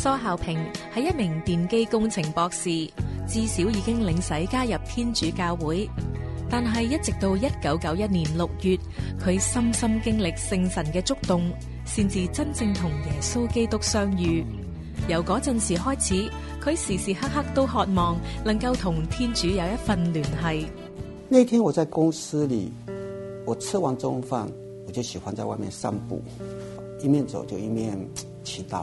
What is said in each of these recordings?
蘇孝平係一名電機工程博士，自小已經領洗加入天主教會，但係一直到一九九一年六月，佢深深經歷聖神嘅觸動，先至真正同耶穌基督相遇。由嗰陣時開始，佢時時刻刻都渴望能夠同天主有一份聯繫。那天我在公司裏，我吃完中午飯，我就喜歡在外面散步，一面走就一面祈禱。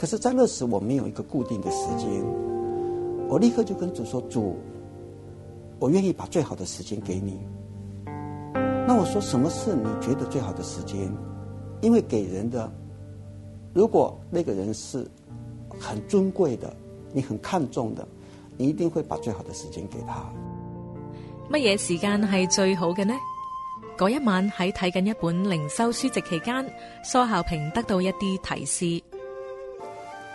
可是，在那時我沒有一個固定的時間，我立刻就跟主說：主，我願意把最好的時間給你。那我說：什麼是你覺得最好的時間？因為給人的，如果那個人是很尊貴的，你很看重的，你一定會把最好的時間給他。乜嘢時間係最好嘅呢？嗰一晚喺睇緊一本靈修書籍期間，蘇孝平得到一啲提示。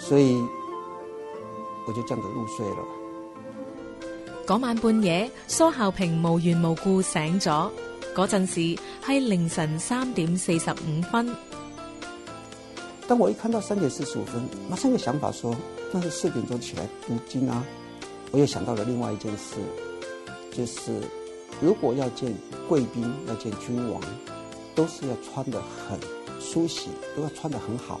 所以我就這樣子入睡了。嗰晚半夜，蘇孝平無緣無故醒咗。嗰陣時係凌晨三點四十五分。當我一看到三點四十五分，馬上有想法說，那是四點鐘起來讀經啊！我又想到了另外一件事，就是如果要見貴賓、要見君王，都是要穿的很梳洗，都要穿的很好。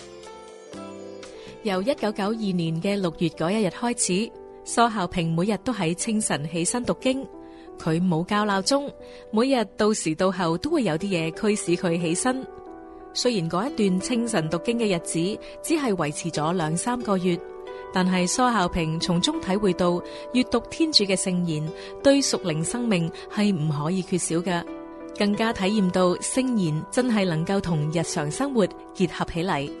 由一九九二年嘅六月嗰一日開始，蘇孝平每日都喺清晨起身讀經。佢冇教鬧鐘，每日到時到候都會有啲嘢驅使佢起身。雖然嗰一段清晨讀經嘅日子只係維持咗兩三個月，但係蘇孝平從中體會到，閱讀天主嘅聖言對屬靈生命係唔可以缺少嘅，更加體驗到聖言真係能夠同日常生活結合起嚟。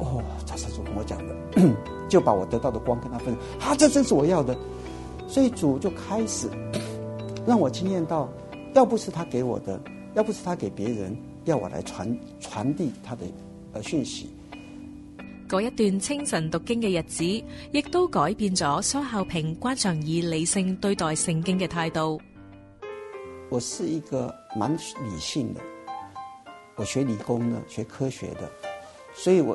哦，常常主跟我講的，就把我得到的光跟他分成。啊，這真是我要的，所以主就開始讓我經驗到，要不是他給我的，要不是他給別人，要我來傳傳遞他的呃訊息。嗰一段清晨讀經嘅日子，亦都改變咗蘇孝平慣常以理性對待聖經嘅態度。我是一個蠻理性的，我學理工的，學科學的，所以我。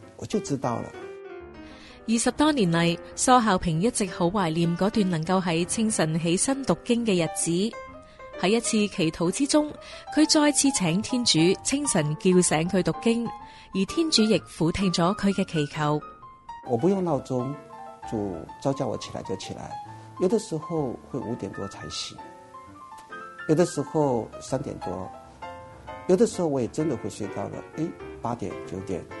我就知道了。二十多年嚟，蘇孝平一直好懷念嗰段能夠喺清晨起身讀經嘅日子。喺一次祈禱之中，佢再次請天主清晨叫醒佢讀經，而天主亦俯聽咗佢嘅祈求。我不用鬧鐘，主早叫我起來就起來，有的時候會五點多才醒，有的時候三點多，有的時候我也真的會睡到了，誒，八點九點。